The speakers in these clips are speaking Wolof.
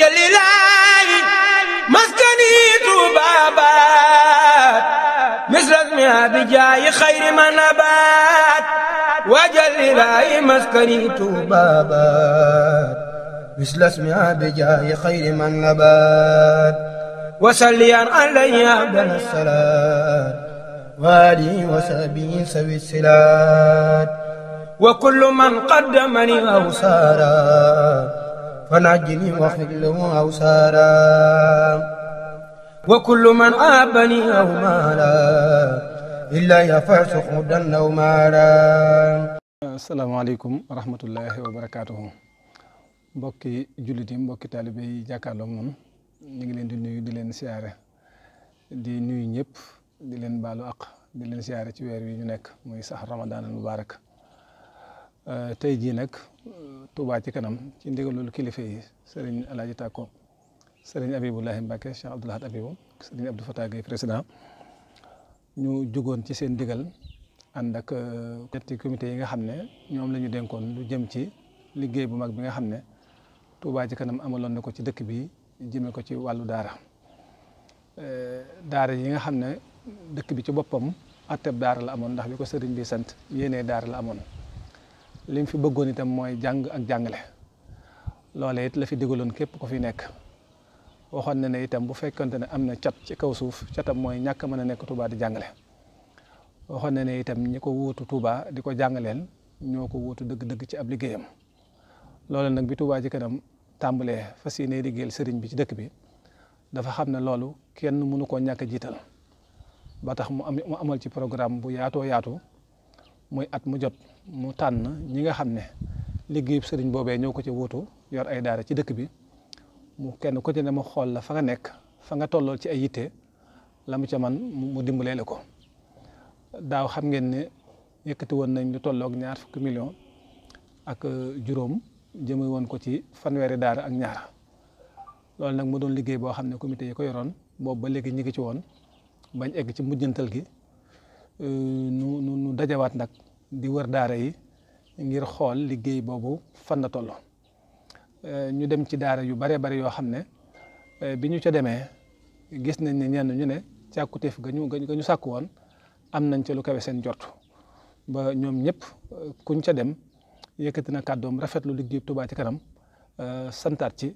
jëlilaayi maskani tuubaabaat misrasmi abijaayi xayri ma nabaat wa jëlilaayi maskani tuubaabaat misrasmi abijaayi xayri ma nabaat wa salliyan alayhi abdal salaat waalihi wa sahbihi sawi silaat wa kullu man qaddamani aw saara ونجني وحله أوسارا وكل من عابني أو مالا إلا يفع سخدا أو مالا السلام عليكم ورحمة الله وبركاته mbokki jullit yi mbokki taalibe yi jàkkaarloo moom ñu ngi leen di nuyu di leen siyaare di nuyu ñëpp di leen baalu àq di siyaare ci weer wi ñu nekk muy sax ramadan al tey jii nag Touba ci kanam ci ndigalul kilifa yi sëriñ Alaaji Tàkko sëriñ Abibullahi Mbacke Cheikh Abdoul Ahad Abibu sëriñ Abdou Fatah Gueye président ñu jugoon ci seen digal ànd ak euh, ñetti comité yi nga xam ne ñoom la ñu dénkoon lu jëm ci liggéey bu mag bi nga xam ne Touba ci kanam amaloon na ko ci dëkk bi jëme ko ci wàllu daara euh, daara yi nga xam ne dëkk bi ci boppam atteb daara la amoon ndax bi ko sëriñ bi sant yéenee daara la amoon li fi bëggoon itam mooy jàng ak jàngale loole it la fi digaloon képp ko fi nekk waxoon na ne itam bu fekkante ne am na cat ci kaw suuf catam mooy ñàkk mën a nekk Touba di jàngale waxoon na ne itam ñi ko wuutu Touba di ko jàngaleen ñoo ko wuutu dëgg-dëgg ci ab liggéeyam loolu nag bi Touba ci kanam tàmbalee fas yéene liggéeyal sëriñ bi ci dëkk bi dafa xam ne loolu kenn mënu koo ñàkk jiital ba tax mu am mu amal ci programme bu yaatoo yaatu muy at mu jot mu tànn ñi nga xam ne liggéeyub sëriñ boobee ñëw ko ci wuutu yor ay daara ci dëkk bi mu kenn ku ci ne xool la fa nga nekk fa nga tollool ci ay yitte la mu ca man mu dimbalee la ko daaw xam ngeen ne yëkkati woon nañ lu tollook ñaar fukki million ak euh, juróom jëme woon ko ci fanweeri daara ak ñaar loolu nag mu doon liggéey boo xam ne comité yi ko yoroon boobu ba léegi ñu ngi ci woon bañ egg ci mujjantal gi Euh, nu nu nu dajawaat nag di wër daara yi ngir xool liggéey boobu fan la toll euh, ñu dem ci daara yu bare bari yoo xam ne euh, bi ñu ca demee gis nañ ne ñenn ñu ne càkkutéef ga ñu ga ñu sàkk woon am nañ ca lu kawe seen jort ba ñoom ñëpp kuñ ca dem yëkkati na kàddoom rafetlu liggéey Touba ci kanam santaat ci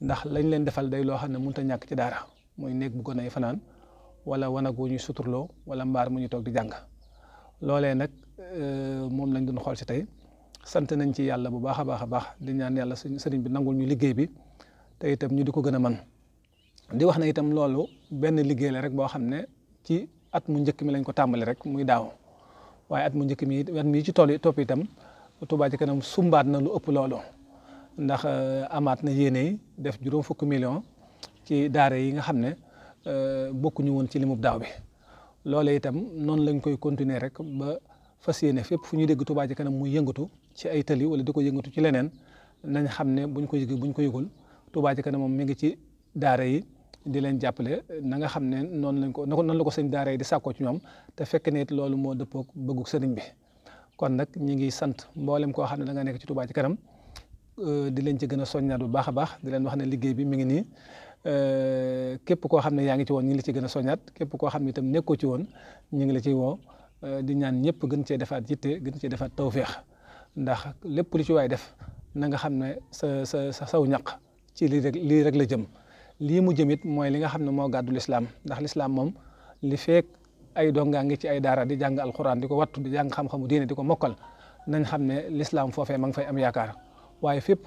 ndax lañ leen defal day loo xam ne mënut ñàkk ci daara muy néeg bu gone yi fanaan wala wanag ñu ñuy suturloo wala mbaar mu ñu toog di jàng loolee nag euh, moom lañ doon xool si tey sant nañ ci yàlla bu baax a baax a baax di ñaan yàlla suñu sëriñ bi nangul ñu liggéey bi te itam ñu di ko gën a man di wax na itam loolu benn liggéey la rek boo xam ne ci at mu njëkk mi lañ ko tàmbali rek muy daaw waaye at mu njëkk mi at mi ci tool yi topp itam Touba ci kanam sumbaat na lu ëpp loolu ndax euh, amaat na yéene def juróom fukk million ci daara yi nga xam ne Euh, bokkuñu woon ci limub daaw bi loolee itam noonu lañ koy continuer rek ba fas yéene fépp fu ñuy dégg Touba ci Kanam muy yëngatu ci ay tali wala di ko yëngatu ci leneen nañ xam ne buñ ko yëg buñ ko yëgul Touba ci Kanam moom mi ngi ci daara yi di leen jàppale na nga xam ne noonu lañ ko noonu la ko sëñ daara yi di sàkkoo ci ñoom te fekk ne it loolu moo dëppoog bëggug sëriñ bi kon nag ñi ngi sant mboolem koo xam ne da nga nekk ci Touba ci Kanam euh, di leen ci gën a soññaat bu baax a baax di leen wax ne liggéey bi mi ngi nii Euh, képp koo xam ne yaa ngi ci woon ñu ci gën a soñaat képp koo xam ne tam nekkoo ci woon ñu ngi la ciy woo euh, di ñaan ñëpp gën cee defaat yitte gën cee defaat tawféex ndax lépp lu ci waay def na nga xam ne sa sa sa saw ñaq ci lii rek lii rek la jëm lii mu jëm it mooy li nga xam ne moo gàddu lislaam ndax lislaam moom li feek ay dongaa ngi ci ay daara di jàng alxuraan di ko wattu di jàng xam-xamu diine di ko mokkal nañ xam ne lislaam foofee ma nga fay am yaakaar waaye fépp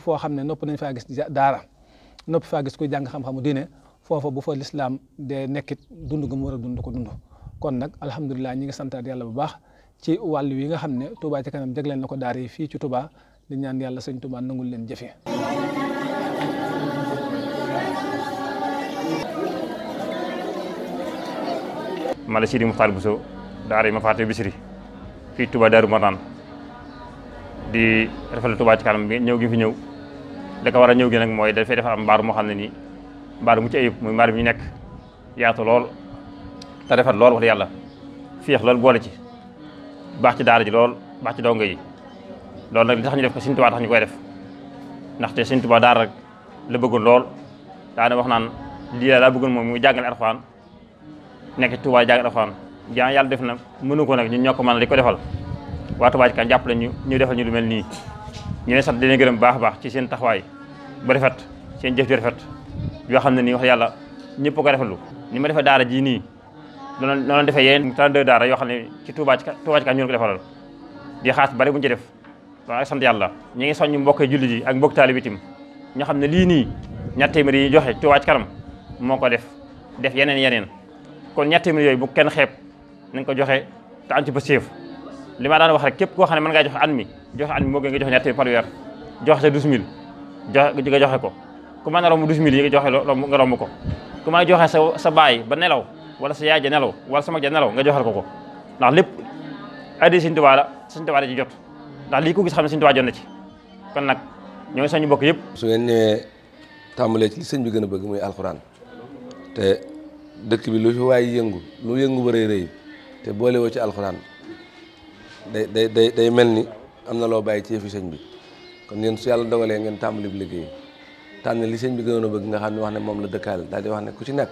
nopp faa gis kuy jàng xam-xamu diine foofa bu fa lislaam de nekkit dund gu mu dund ko dund kon nag alhamdulilah ñi ngi santaat yàlla bu baax ci wàll wi nga xam ne Touba ci kanam leen na ko daara fii ci Touba di ñaan yàlla sëñ Touba nangul leen jëfee man la Sidi ma faate bisiri fii Touba Daaru Marnaan di ci kanam ñëw gi fi ñëw li ko war a ñëw gi nag mooy dafay defar am mbaar moo xam ne nii mbaar mu ci ayib muy mbaar bi ñu nekk yaatu lool te defar lool wax dëgg yàlla féex lool boole ci baax ci daara ji lool baax ci dongo yi loolu nag li tax ñu def ko Sëñ Tuubaa tax ñu koy def ndaxte Sëñ Tuubaa daara rek la bëggoon lool daana wax naan lii laa bëggoon moom mu jàngale Alxuraan nekk Tuubaa jàngale Alxuraan jaan yàlla def na mënu ko nag ñu ñoo ko mën di ko defal waa Tuubaa ci kan jàppale ñu defal ñu lu mel nii ñu leen sant di leen gërëm baax a baax ci seen taxawaay bu rafet seen jëf ju rafet yoo xam ne nii wax yàlla ñëpp ko rafetlu ni ma defee daara jii nii noonu noonu defee yeneen 32 daara yoo xam ne ci Touba ci Touba ci ñun ko defaral di xaas bari bu ñu ci def loolu ak sant ñu ngi soññ mbokk jullit yi ak mbokk taalib itam ñoo xam ne lii nii ñett yi joxe Touba ci kanam moo ko def def yeneen yeneen kon ñett téeméer yooyu bu kenn xeeb nañ ko joxe te am ci ba séef li ma daan wax rek képp koo xam ne mën ngaa joxe an mi joxe at moo gën nga joxe ñetti par weer joxe sa douze mille joxe nga joxe ko ku mën a romb douze mille yi nga joxe romb nga romb ko ku mën a joxe sa sa baay ba nelaw wala sa yaay ja nelaw wala sa mag ja nelaw nga joxal ko ko ndax lépp addi Sëñ Tuubaa Sëñ Tuubaa la ci jot ndax lii ku gis xam ne Sëñ Tuubaa na ci kon nag ñoo ngi sañu yëpp su ngeen ñëwee tàmbalee ci sëñ bi gën a bëgg muy alxuraan te dëkk bi lu fi waay yëngu lu yëngu ba rëy rëy te boolewoo ci alxuraan day day day mel ni am na loo bàyyi ci yëfi bi kon yéen su yàlla dogalee ngeen tàmbali bi liggéey tànn li sëñ bi gënoon a bëgg nga xam ne wax ne moom la dëkkaale daal di wax ne ku ci nekk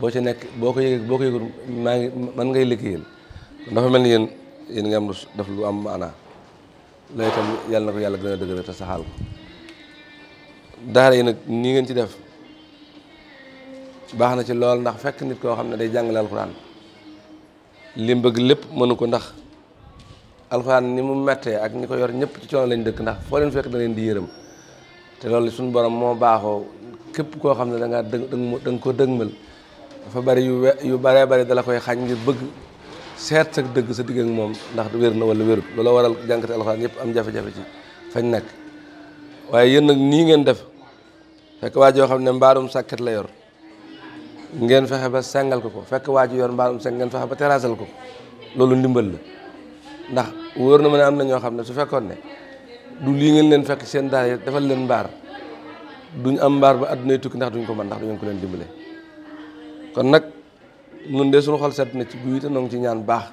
boo ci nekk boo ko yëgee boo ko maa ngi man ngay liggéeyal kon dafa mel ni yéen yéen nga am lu def lu am maanaa lay itam yàlla na ko yàlla gën a dëgëral te saxaal ko daara yi nag nii ngeen ci def baax na ci lool ndax fekk nit koo xam ne day jàngale alxuraan li mu bëgg lépp mënu ko ndax alxuraan ni mu mettee ak ñi ko yor ñëpp ci coono lañ dëkk ndax foo leen fekk da leen di yërëm te loolu suñu borom moo baaxoo képp koo xam ne da ngaa dë da nga ko bari yu we yu baree bari dala koy xañ ngir bëgg seet sa dëgg sa digg moom ndax wér na wala wérut loolu waral jànkati alxuraan yëpp am jafe-jafe ci fañ nekk waaye yéen nag nii ngeen def fekk waa joo xam ne mbaarum sàkket la yor ngeen fexe ba sengal ko ko fekk waa ji yor mbaarum sàkket ngeen fexe ba terasal ko loolu ndimbal la ndax wóor na ma ne am na ñoo xam ne su fekkoon ne du lii ngeen leen fekk seen daara yi defal leen mbaar duñ am mbaar ba àddunay tukki ndax duñ ko man ndax du ngeen ko leen dimbale kon nag ñun de suñu xol set na ci guy noo ngi ci ñaan baax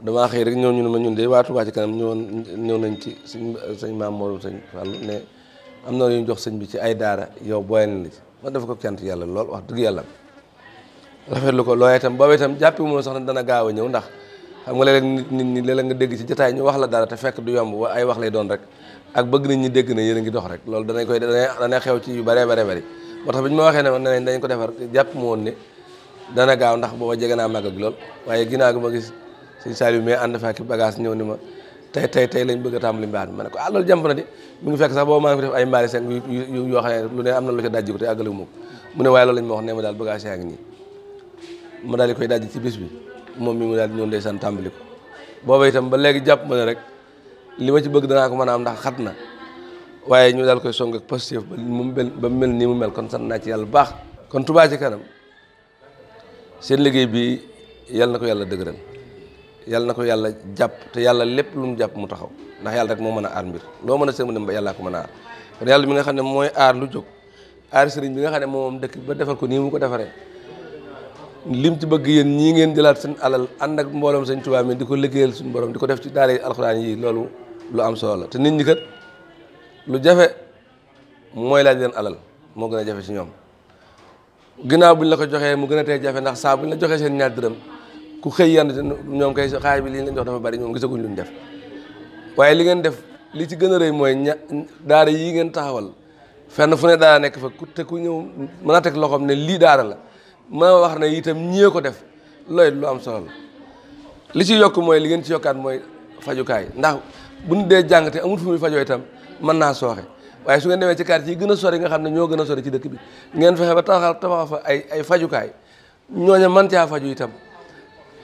damaa rek ñëw ñu ne ma ñun de waa ci kanam ñëwoon ñëw nañ ci sëñ sëñ maam Mor sëñ Fall am na lu jox sëñ bi ci ay daara yow booyal na la ci ma def ko cant yàlla lool wax dëgg yàlla rafetlu ko looy itam boobu tam jàppi mu sax ne dana gaaw a ñëw ndax. xam nga léeg-léeg nit nit ñi léeg-léeg nga dégg ci jotaay ñu wax la dara te fekk du yomb ay wax lay doon rek ak bëgg nit ñi dégg na yéen a ngi dox rek loolu danañ koy dana xew ci yu bëree bare bëri moo tax bi ñu ma waxee ne man ne dañ ko defar jàpp mu woon ne dana gaaw ndax booba jege naa màgg ak lool waaye ginnaaw gi ma gis sëñ Saliou mais ànd fekk bagage ñëw ni ma tey tey tey lañ bëgg a tàmbali mbaar mi ma ne ko ah loolu jàmp na di mi ngi fekk sax booba maa ngi def ay mbaari seng yu yoo xam ne lu ne am na lu ci dajji ko te àggale mu ko mu ne waaye loolu lañ ma wax ne ma daal bagage yaa ngi nii ma daal di koy dajji ci bis bi moom mi mu daal di ñëw ndeysaan tàmbali ko booba itam ba léegi jàpp ma ne li ma ci bëgg danaa ko mën a am ndax xat na waaye ñu daal koy song ak positif ba mu mel nii mu mel kon sant naa ci yàlla bu baax kon Touba ci kanam seen liggéey bi yàlla na ko yàlla dëgëral yàlla na ko yàlla jàpp te yàlla lépp lu mu jàpp mu taxaw ndax yàlla rek moo mën a aar mbir loo mën a sëñ ba yàllaa ko mën a aar kon yàlla mi nga xam ne mooy aar lu jóg aar sëriñ bi nga xam ne moom dëkk ba defal ko nii mu ko defaree lim ci bëgg yéen ñii ngeen jëlaat seen alal ànd ak mbooloom sëñ Tuubaa mi di ko liggéeyal suñu borom di ko def ci daara alxuraan yi loolu lu am solo la te nit ñi kat lu jafe mooy laaj leen alal moo gën a jafe ci ñoom ginnaaw buñ la ko joxee mu gën a tey jafe ndax saa la joxee seen ñaar dërëm ku xëy yenn ñoom kay xaay bi lii lañ jox dafa bari ñoom gisaguñ luñ def waaye li ngeen def li ci gën a rëy mooy ña daara yii ngeen taxawal fenn fu ne daara nekk fa ku te ku ñëw mën a teg loxoom ne lii daara la ma wax ne itam ñee ko def looy lu am solo la li ci yokk mooy li ngeen ci yokkaat mooy fajukaay ndax bu ñu dee jàng te amul fu muy fajoo itam mën naa sooxe waaye su ngeen demee ci quartier yi gën a sori nga xam ne ñoo gën a sori ci dëkk bi ngeen fexe a taxaw taxaw fa ay ay fajukaay ñooña man caa faju itam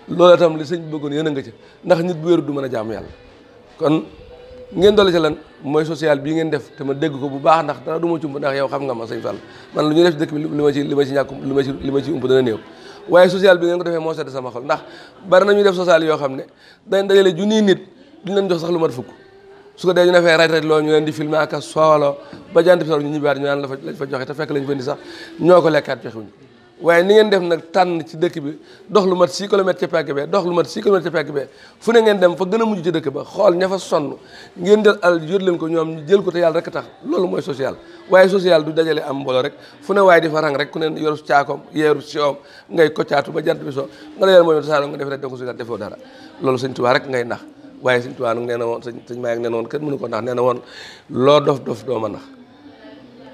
loolu itam li sëñ bi bëggoon yéen nga ca ndax nit bu wéru du mën a jaam yàlla kon ngeen dolli ci lan mooy social bi ngeen def te ma dégg ko bu baax ndax dara du ma cumb ndax yow xam nga ma sëñ Fall man lu ñu def ci dëkk bi li ma ci li ma ci ñàkk li ma ci li dana néew waaye social bi sama xol ndax bari nañu def social yoo xam ne dañ dajale junniy nit duñ leen jox sax lu mat fukk su ko dee ñu ne fay raj-raj loo ñu leen di filmer ak a sooloo ba jant bi la fa joxe te fekk lañ fa sax ñoo ko lekkaat joxewuñu waaye ni ngeen def nag tànn ci dëkk bi dox lu mat 6 kilomètres ci pegg bee dox lu mat 6 kilomètres ci pegg bee fu ne ngeen dem fa gën a mujj ci dëkk ba xool ña fa sonn ngeen jël al jot leen ko ñoom jël ko te yàlla rek tax loolu mooy social waaye social du dajale am mbooloo rek fu ne waaye di fa rang rek ku ne yoru caakoom yeeru siom ngay koccaatu ba jant bi so nga la yàlla mooy def rek deko si defoo dara loolu sëñ Tuubaa rek ngay nax waaye sëñ Tuubaa nag nee na woon sëñ sëñ Maay ak nee na woon kenn mënu ko nax nee na woon loo dof dof doo ma nax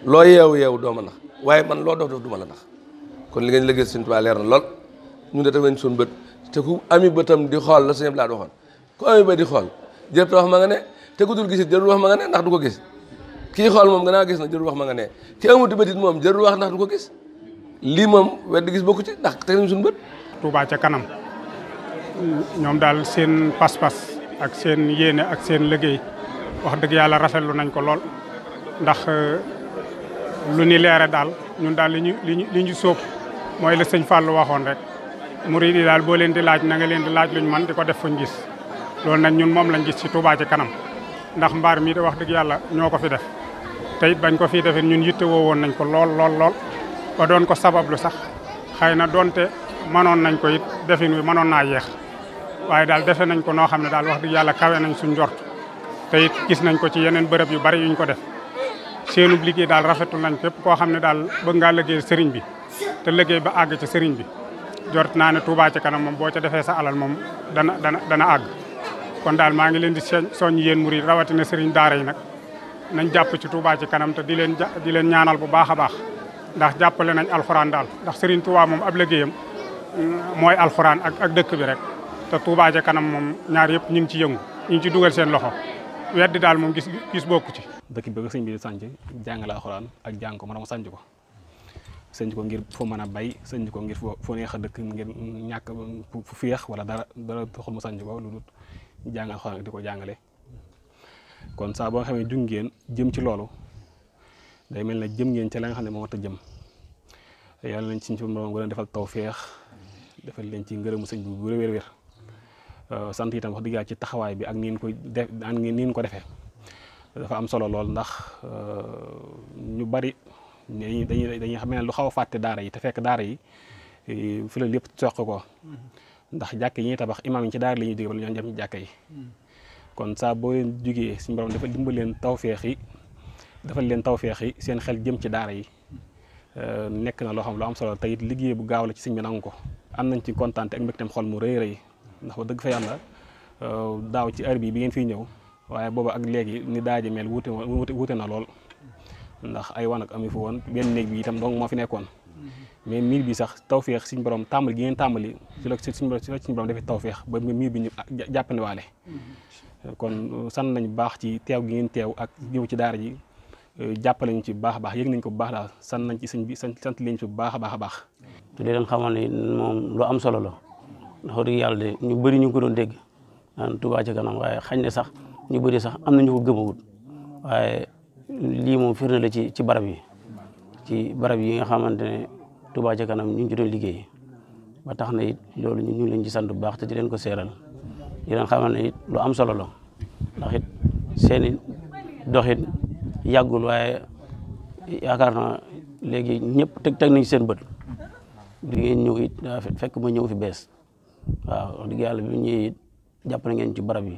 loo yeewu yeewu doo ma nax waaye man loo dof dof du kon li ngeen liggéey Sëñ Tuubaa leer na lool ñun de teg nañ soon bët te ku ami bëtam di xool la Sëñ laa Lahat waxoon ku ami bët di xool jërëjëf wax ma nga ne te ku dul gisit jërul wax ma nga ne ndax du ko gis kii xool moom gannaaw gis na jërul wax ma nga ne ki amuti bëtit moom jërul wax ndax du ko gis lii moom wedd gis bokku ci ndax teg nañ suñu bët ca kanam ñoom daal seen pas-pas ak seen yéene ak seen liggéey wax dëgg yàlla rafetlu nañ ko lool ndax euh, lu ni leere daal ñun daal li ñu li mooy la sëñ Fallou waxoon rek murid yi daal boo leen di laaj na leen di laaj luñ man di ko def fuñ gis loolu nag ñun moom lañ gis ci Touba ci kanam ndax mbaar mii de wax dëgg yàlla ñoo ko fi def te bañ ko fii defit ñun yitte woo woon nañ ko lool lool lool ba doon ko sabablu sax xëy na donte mënoon nañ ko yit defin wi mënoon naa yeex waaye daal defe nañ ko noo xam ne daal wax dëgg yàlla kawe nañ suñ njort te it gis nañ ko ci yeneen bërëb yu bari yuñ ko def seenub liggéey daal rafetul nañ képp koo xam ne daal bëgg ngaa liggéey sëriñ bi te liggéey ba àgg ci sëriñ bi jort naa ne Touba ci kanam moom boo ca defee sa alal moom dana dana dana àgg kon daal maa ngi leen di soññ yéen murid rawatina sëriñ daara yi nag nañ jàpp ci Touba ci kanam te di leen di leen ñaanal bu baax a baax ndax jàppale nañ alxuraan daal ndax sëriñ Touba moom ab liggéeyam mm, mooy alxuraan ak ak dëkk bi rek te Touba ca kanam moom ñaar yëpp ñu ngi ci yëngu ñu ci dugal seen loxo weddi daal moom gis gis bokku ci dëkk bi bëgg sëñ bi di sànc jàngale ak jàng ko maanaam ko sëñ ko ngir foo mën a bay sëñ ko ngir foo neex a dëkk ngir ñàkk fu wala dara dara taxul mu sànc ko lu dul jàngal xol di ko jàngale kon saa boo xam ne jug jëm ci loolu day mel ne jëm ngeen ci la xam ne moo jëm yàlla nañ ci suñu borom gën a defal taw defal leen ci ngërëmu sëñ bu wér wér euh, sant itam ci taxawaay bi ak niin ko def ak niin ko defee dafa am solo lool ndax euh, ñu bari dañuy dañuy dañuy xam ne lu xaw a fàtte daara yi te fekk daara yi eh, fi la lépp soq ko ndax jàkk yi ñuy tabax imaam yi ci daara la ñuy jógee lu ñoo jëm ci jàkk yi kon saa boo leen jógee suñu borom dafa dimbal leen tawféex yi dafa leen tawféex yi seen xel jëm ci daara yi eh, nekk na loo xam lu am solo te it liggéey bu gaaw la ci sëñ bi nangu ko am nañ ci kontaan ak mbégteem xol mu rëy rëy ndax ba dëgg fa yàlla eh, daaw ci heure bi bi ngeen fiy ñëw waaye booba ak léegi ni daaji mel wute wuute na lool ndax ay wanag amu fi woon benn néeg bi itam donc moo fi nekkoon mais miir bi sax tawféex suñu borom tàmbali gi ngeen tàmbali ci la suñu borom defee tawféex ba miir bi ñu jàppandi waale kon sant nañ baax ci teew gi ngeen teew ak ñëw ci daara ji euh, jàppale ñu ci baax a baax yëg nañ ko bu baax daal sant nañ ci sëñ bi sant leen ci bu baax a baax baax te di leen xamal moom lu am solo la ndax dëgg yàlla ñu bëri ñu ko doon dégg naan Touba ci kanam waaye xañ ne sax ñu bari sax am nañu ko gëmawut waaye lii moom firnde la ci ci barab yi ci barab yi nga xamante ne Touba ca kanam ñu ngi ci doon liggéey ba tax na it loolu ñu ngi ci sant bu baax te ti leen ko seeral di leen xamal ne it lu am solo la ndax it seen i doxit yàggul waaye yaakaar naa léegi ñëpp teg teg nañ seen bët di ngeen ñëw it daa fekk ma ñëw fi bees waaw wax dëgg yàlla bi ñëwee it jàpp na ngeen ci barab yi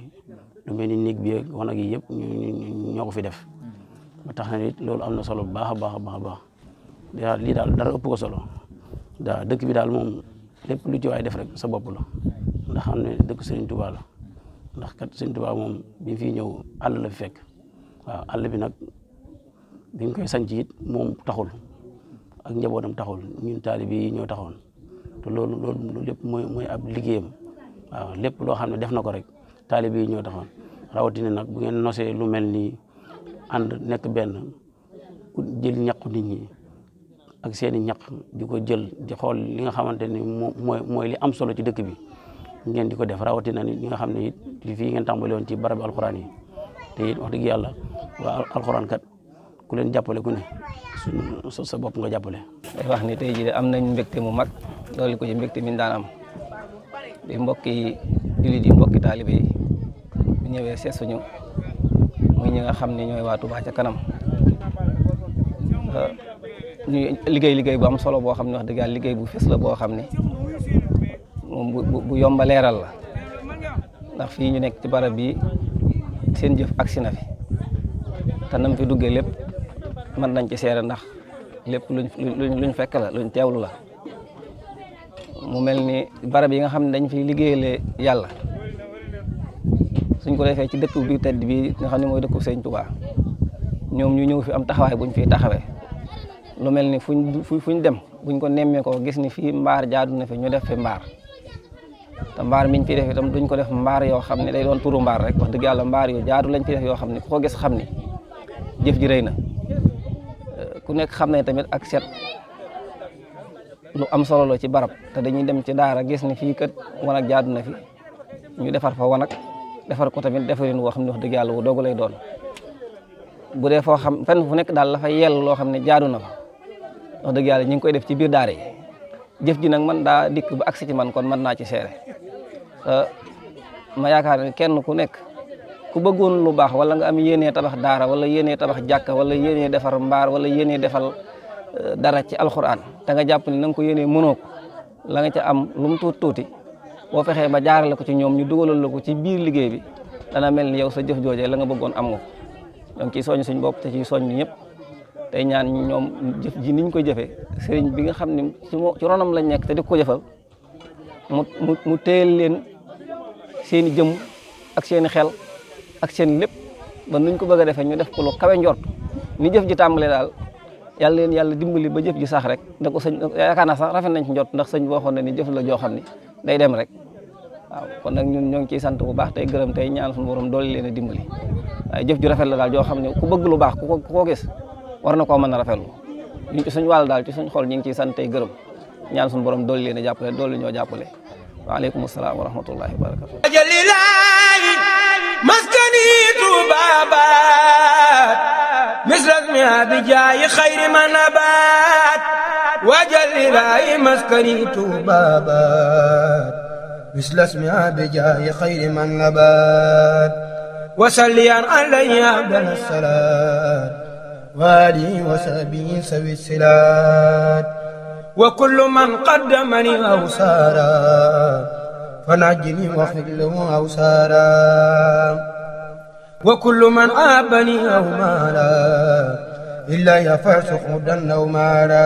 lu mel ni néeg yi yëpp ñu ñoo ko fi def ba tax na it loolu am na solo bu baax a baax a baax a baax lii daal dara ëpp solo daa dëkk bi daal moom lépp lu ci waay def rek sa bopp la ndax xam ne dëkk Serigne Touba la ndax kat Serigne Touba moom bi fi ñëw àll la fi fekk waaw àll bi nag bi koy sanc it moom taxul ak njabootam taxul ñun taalib ñoo taxoon te loolu mooy ab liggéeyam waaw lépp loo xam ne def na ko rek taalib yi ñoo taxoon rawatina nag bu ngeen nosee lu mel nii ànd nekk benn ku jël ñaqu nit ñi ak seeni ñaq di ko jël di xool li nga xamante ni mooy mooy li am solo ci dëkk bi ngeen di ko def rawatina ni ñi nga xam ne it li fii ngeen tàmbali woon ci barabi alxuraan yi te it wax dëgg yàlla waa alxuraan kat ku leen jàppale ku ne su sa bopp nga jàppale. day wax ni tey jii am nañ mbégte mu mag loolu ko ci mbégte mi daan am di mbokki jullit yi mbokki taalibe yi bu ñëwee seesuñu ñi nga xam ne ñooy waa Touba ca kanam ah, ñu liggéey liggéey bu am solo boo xam ne wax dëgg yàlla liggéey bu fees la boo xam ne moom bu bu yomba leeral la ndax fii ñu nekk ci barab yi seen jëf agsi na fi te nam fi duggee lépp mën nañ ci seere ndax lépp luñ luñ fekk la luñ teewlu la mu mel ni barab yi nga xam ne dañ fiy liggéeyale yàlla suñ ko defee ci dëkk bi tedd bi xam ne mooy dëkku Sëñ Tuubaa ñoom ñu ñëw fi am taxawaay buñ fiy taxawee lu mel ni fuñ fuñ dem buñ ko nemmee gis ni fii mbaar jaadu na fi ñu def fi mbaar te mbaar miñ fi def itam duñ ko def mbaar yoo xam ne day doon turu mbaar rek wax dëgg yàlla mbaar yu jaadu lañ fi def yoo xam ne ku gis xam ni jëf ji rëy na ku nekk xam ne tamit ak set lu am solo la ci barab te dañuy dem ci daara gis ni fii kat wanag jaadu na fi ñu defar fa wanag defar ko tamit defarin woo xam ne wax dëgg yàlla wu doog lay doon bu dee foo xam fenn fu nekk daal la fa yell loo xam ne jaadu na fa wax dëgg yàlla ñu ngi koy def ci biir daara jëf ji nag man daa dikk ba agsi man kon mën naa ci seere ma yaakaar ne kenn ku nekk ku bëggoon lu baax wala nga am yéenee tabax daara wala yéenee tabax jàkka wala yéenee defar mbaar wala yéenee defal eh, dara ci alxuraan da nga jàpp ne na nga ko yéenee mënoo la nga ci am lu tuut tuuti boo fexee ba jaarale ko ci ñoom ñu dugalal la ko ci biir liggéey bi dana mel ni yow sa jëf joojee la nga bëggoon am nga ko donc ci soññ suñ bopp te ci soññ ñëpp tey ñaan ñoom jëf ji niñ koy jëfee sëriñ bi nga xam ne ci ronam lañ nekk te di ko jëfal mu mu téyel leen seen i jëm ak seen i xel ak seen lépp ba nuñ ko bëgg a defee ñu def ko lu kawe njort ni jëf ji tàmbalee daal yàlla leen yàlla dimbali ba jëf ji sax rek da ko sëñ yaakaar naa sax rafet nañ ci njort ndax sëñ boo waxoon ni jëf la joo xam ni day dem rek waaw kon nag ñun ñoo ngi ciy sant bu baax tey gërëm tey ñaan suñu borom doole leen a dimbali waaye jëf ju rafet la daal joo xam ne ku bëgg lu baax ku ko ku ko gis war na koo mën a rafetlu ñu ci wàll daal ci suñu xol ñu ngi ciy sant tey gërëm ñaan suñu borom doole leen a jàppale doole ñoo jàppale waaleykum salaam wa rahmatullahi wa barakatu jalilaay maskani misras mi abijaayi xayri ma nabaat waajal ilaahi maskani tuubaabaat misras mi abijaayi xayri ma nabaat wasalliyan alayhi abdal salaat waalihi wa sahbihi sawi silaat wa kullu man qaddamani aw saara fanajjini wa xillahu aw saara wa kullu man abani aw maara illa yafasuqu dan aw maara